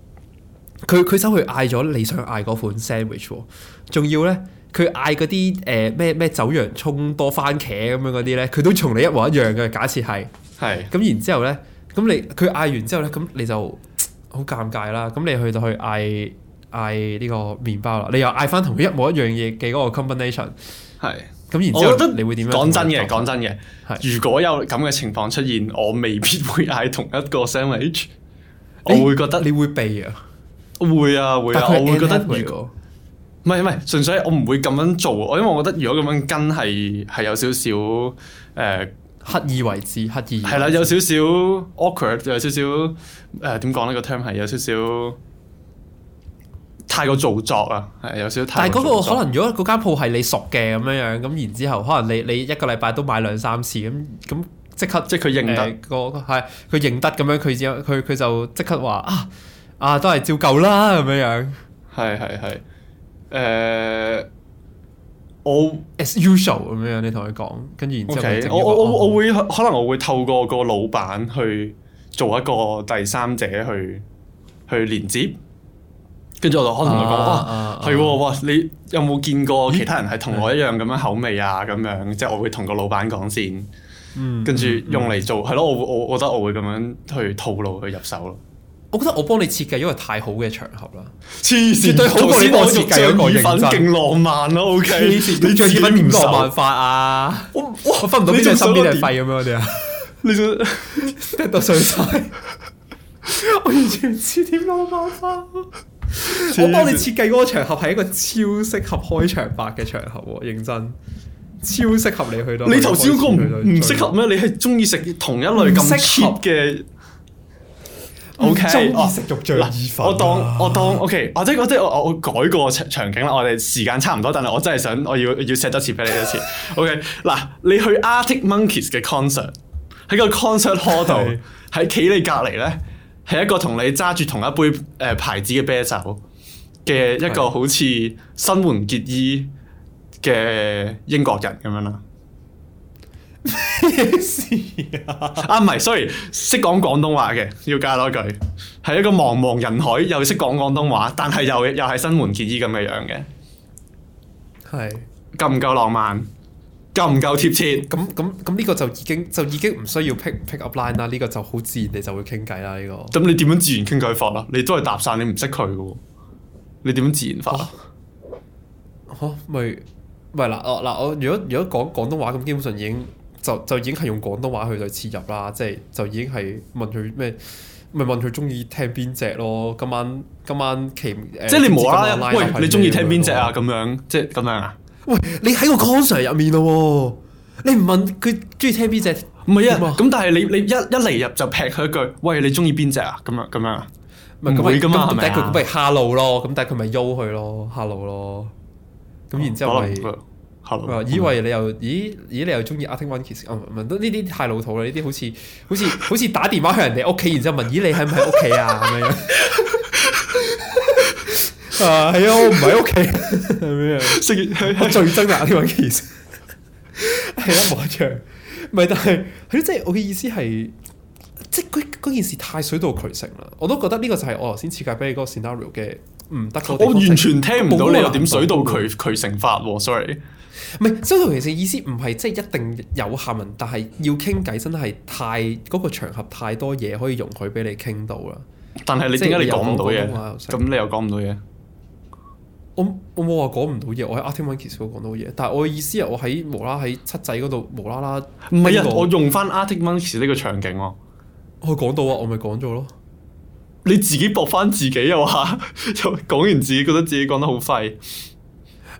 佢佢走去嗌咗你想嗌嗰款 sandwich，仲要咧佢嗌嗰啲誒咩咩走洋蔥多番茄咁樣嗰啲咧，佢都同你一模一樣嘅。假設係係，咁然是之後咧，咁你佢嗌完之後咧，咁你就好尷尬啦。咁你去到去嗌嗌呢個麵包啦，你又嗌翻同佢一模一樣嘢嘅嗰個 combination 是。係咁然之後，我覺得你會點樣？講真嘅，講真嘅，如果有咁嘅情況出現，我未必會嗌同一個 sandwich。是欸、我會覺得你會避啊。會啊會啊，我會覺得如果唔係唔係純粹，我唔會咁樣做。我因為我覺得如果咁樣跟係係有少少誒刻意為之，刻意係啦，有少少 awkward，有少少誒點講、呃、呢個 term 係有少少太過做作啊，係有少少。但係嗰、嗰個可能如果嗰間鋪係你熟嘅咁樣樣，咁然之後，然後可能你你一個禮拜都買兩三次，咁咁即刻即佢認得嗰個係佢認得咁樣，佢之後佢佢就即刻話啊。啊，都係照舊啦，咁樣樣，係係係。誒、呃，我 as usual 咁樣樣，你同佢講，跟住然之後 okay，我我，我我我會可能我會透過個老闆去做一個第三者去去連接，接跟住我就可能同佢講，啊、哇，係喎、啊，啊哇，啊、哇，你有冇見過其他人係同我一樣咁樣口味啊？咁樣，即係、嗯嗯嗯、我，我，我，我，我，我會同個老闆講先，跟住用嚟做，係咯，我我覺得我會咁樣去套路去入手咯。我覺得我幫你設計因為太好嘅場合啦，黐線，絕對好過你幫我設計一個認真，勁浪漫咯，OK？你最點浪漫法啊？我哇，我我分唔到邊隻心，邊係肺咁樣啲啊！你仲想跌 到碎晒？ 我完全唔知點浪漫法。我幫你設計嗰個場合係一個超適合開場白嘅場合喎、啊，認真超適合你去到。你頭先個唔唔適合咩？你係中意食同一類咁適合嘅？O K，食肉最、啊啊、我當我當 O K，或者我即係我,我,我改個場景啦。我哋時間差唔多，但係我真係想我要要錫多次俾你一次。O K，嗱，你去 Arctic Monkeys 嘅 concert，喺個 concert hall 度，喺企你隔離咧，係一個同 你揸住同一杯誒、呃、牌子嘅啤酒嘅一個好似新垣結衣嘅英國人咁樣啦。咩事啊？啊唔係，所以識講廣東話嘅要加多句，係一個茫茫人海又識講廣東話，但係又又係新垣結衣咁嘅樣嘅，係夠唔夠浪漫？夠唔夠貼切？咁咁咁呢個就已經就已經唔需要 pick pick up line 啦，呢個就好自然你就會傾偈啦。呢個咁你點樣自然傾偈法啊？你都係搭訕，你唔識佢嘅喎，你點樣自然法？啊？咪咪嗱哦嗱我如果如果講廣東話咁，基本上已經。就就已經係用廣東話去嚟切入啦，即、就、係、是、就已經係問佢咩，咪、就是、問佢中意聽邊隻咯？今晚今晚其、呃、即係你無啦啦，like、喂你中意聽邊隻啊？咁說樣即係咁樣啊？喂你喺個 concert 入面咯，你唔問佢中意聽邊隻？唔係啊，咁、啊、但係你你一一嚟入就劈佢一句，喂你中意邊隻啊？咁樣咁樣啊？唔會噶嘛係咪？咁但係佢咪 hello 咯，咁但係佢咪邀佢咯 hello 咯，咁然之後咪。Hello，以為你又咦咦？你又中意阿 Thing One Keys 啊唔唔，呢啲太老土啦！呢啲好似好似好似打電話去人哋屋企，然之後問：咦？你喺唔喺屋企啊？係 啊，我唔喺屋企係咩啊？最憎阿 Thing One Keys 係啦，冇一唔係，但係係咯，即係我嘅意思係，即係嗰件事太水到渠成啦。我都覺得呢個就係我頭先設計俾你嗰個 scenario 嘅唔得。我完全聽唔到你又點水到渠渠成法喎，sorry。唔係，相同意思意思唔係即係一定有下文，但係要傾偈真係太嗰、嗰個場合太多嘢可以容許俾你傾到啦。但係你點解你講唔到嘢，咁你又講唔到嘢。我我冇話講唔到嘢，我喺 Arctic Monkeys 度講到嘢。但係我嘅意思係我喺無啦喺七仔嗰度無啦啦。唔係啊，我用翻 Arctic Monkeys 呢個場景喎、啊，我講到啊，我咪講咗咯。你自己駁返自己又話，又 講完自己覺得自己講得好廢。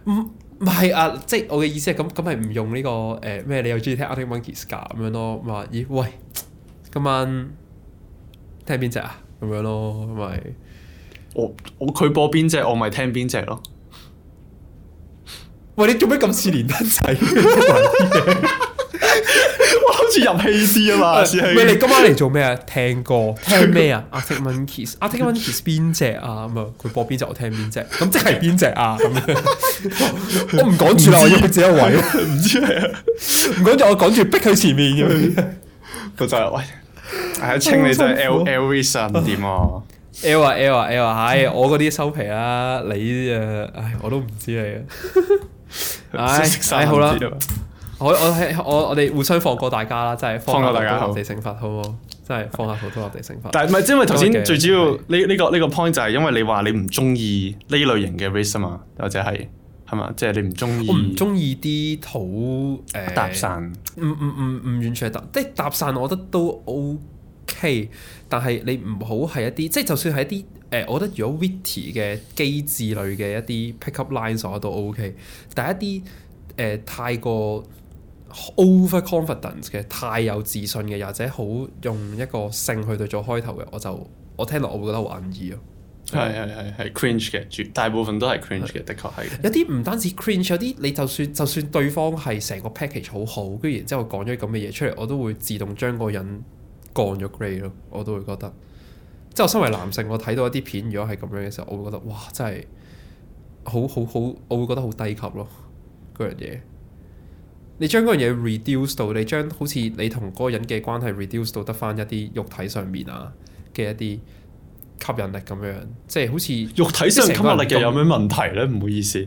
嗯唔係啊，即係我嘅意思係咁，咁係唔用呢、這個誒咩、呃？你又中意聽 Arctic Monkeys 嘅咁樣咯？咁話咦，喂，今晚聽邊隻啊？咁樣咯，咁咪我我佢播邊隻，我咪聽邊隻咯。喂，你做咩咁似連登仔？ 似入戲啲啊嘛，唔你 今晚嚟做咩啊？聽歌，聽咩啊？Arctic Monkeys 邊隻啊？咁啊，佢播邊隻我聽邊隻，咁即係邊隻啊？咁 樣，我唔趕住啦，我要佔位，唔 知係唔趕住我趕住逼佢前面咁樣，佢 就係喂 苦，係清你真 L L Visa 點啊？L 啊 L 啊 L 啊，唉，我嗰啲收皮啦，啊，你誒，唉，我都唔知你，唉食晒 好啦。我我係我我哋互相放過大家啦，即係放，好放下土地刑罰，好唔好？即係放下土地刑罰。但唔係，因為頭先最主要呢呢、呢個呢、呢個 point 就係因為你話你唔中意呢類型嘅 Rizz 嘛，或者係，係嘛？即係、即係、你唔中意，我唔中意啲土誒搭訕散。唔唔唔唔完全係搭，即係搭訕，我覺得都 OK。但係你唔好係一啲，即係就算係一啲誒、呃，我覺得如果 Witty 嘅機智類嘅一啲 pickup lines，我都 OK 但。但係一啲誒太過 overconfidence 嘅太有自信嘅，或者好用一個性去對做開頭嘅，我就我聽落我會覺得好 unease 咯，係係係係 cringe 嘅，絕大部分都係 cringe 嘅，Yeah. 的確係。有啲唔單止 cringe，有啲你就算就算對方係成個 package 好好，跟住然之後講咗咁嘅嘢出嚟，我都會自動將個人降咗 grade 咯，我都會覺得。即係我身為男性，我睇到一啲片，如果係咁樣嘅時候，我會覺得哇，真係好好好，好，我會覺得好低級咯，嗰樣嘢。你將嗰樣嘢 reduce 到，你將好似你同嗰個人嘅關係 reduce 到得翻一啲肉體上面啊嘅一啲吸引力咁樣，即係好似肉體上吸引力嘅有咩問題咧？唔好意思，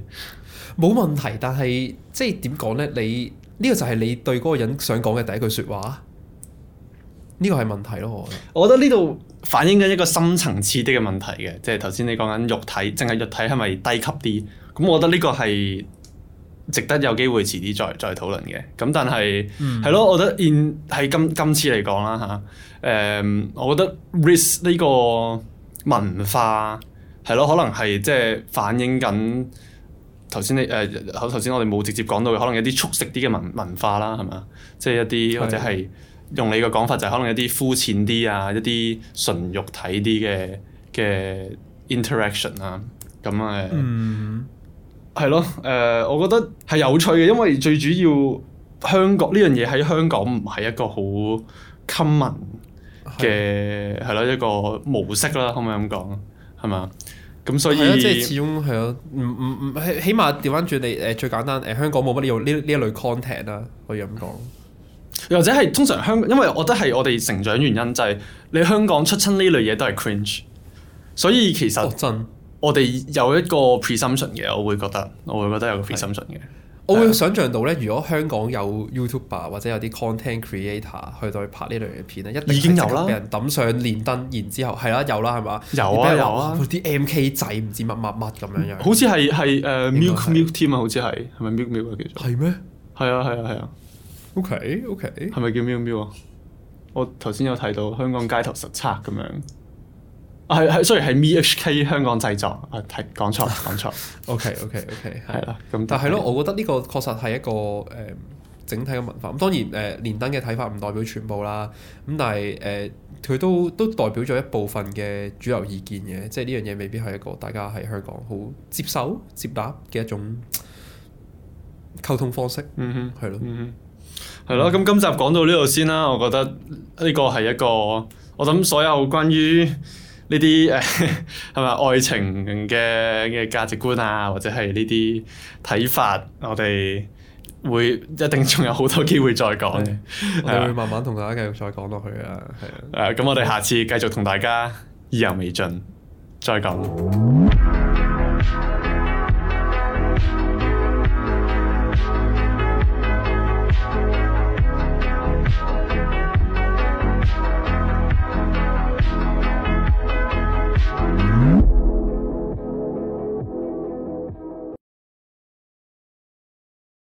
冇問題，但係即係點講咧？你呢個就係你對嗰個人想講嘅第一句説話，呢個係問題咯。我覺得呢度反映緊一個深層次啲嘅問題嘅，即係頭先你講緊肉體，淨係肉體係咪低級啲？咁我覺得呢個係。值得有機會遲啲再再討論嘅，咁但係係、嗯、咯，我覺得喺今今次嚟講啦嚇，誒、嗯，我覺得 Rizz 呢個文化係咯，可能係即係反映緊頭先你，誒，頭、呃、先我哋冇直接講到，可能有啲速食啲嘅文文化啦，係嘛？即、就、係、是、一啲的或者係用你嘅講法就係可能一啲膚淺啲啊，一啲純肉體啲嘅嘅 interaction 啦、嗯，咁誒、嗯。係咯，誒、呃，我覺得係有趣嘅，因為最主要香港呢樣嘢喺香港唔係一個好 common 嘅係咯一個模式啦，可唔可以咁講？係嘛？咁所以即係始終係咯，唔唔唔起起碼調返轉你誒最簡單誒香港冇乜呢種呢呢一類 content 啦，可以咁講。又或者係通常香，因為我覺得係我哋成長原因就係、是、你香港出親呢類嘢都係 cringe，所以其實、哦、真。我哋有一個 presumption 嘅，我會覺得，我會覺得有個 presumption 嘅。我會想象到咧，如果香港有 YouTuber 或者有啲 content creator 去到拍呢類嘅片咧，一定係有人抌上連燈，然之後係啦，有啦，係嘛？有啊，有啊。啲 MK 仔唔知乜乜乜咁樣樣，好似係係誒 Milk Milk team 啊，好似係係咪 Milk Milk 啊？叫做係咩？係啊，係啊，係啊。OK OK，係咪叫 Milk Milk 啊？我頭先有睇到香港街頭實測咁樣。係係，雖然係 MHK 香港製作，啊，提講錯講錯。 OK OK OK，係啦咁。嗯、但係是咯，嗯、我覺得呢個確實係一個誒、嗯、整體嘅文化。咁當然誒、呃，連登嘅睇法唔代表全部啦。咁但係誒，佢、呃、都都代表咗一部分嘅主流意見嘅。即係呢樣嘢未必係一個大家喺香港好接受接納嘅一種溝通方式。嗯哼，係咯了，嗯哼，係咯、嗯哼。咁今集講到呢度先啦。我覺得呢個係一個，我諗所有關於。呢啲誒係咪愛情嘅嘅價值觀啊，或者係呢啲睇法，我哋會一定仲有好多機會再講 我會慢慢同大家繼續再講落去啊，係啊，誒咁、呃、我哋下次繼續同大家意猶未盡，再講。